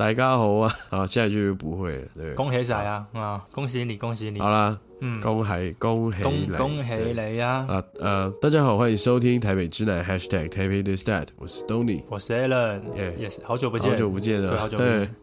大家好啊！現在就不會啊，真就都要補對恭喜晒啊！啊，恭喜你，恭喜你。好啦，嗯，恭喜，恭喜，恭喜你啊！你啊，uh, uh, 大家好，歡迎收聽台北知男 Hashtag Taipei This That，我是 Donny，我是 Allen，Yes，、嗯、好久不見，好久不見了，對好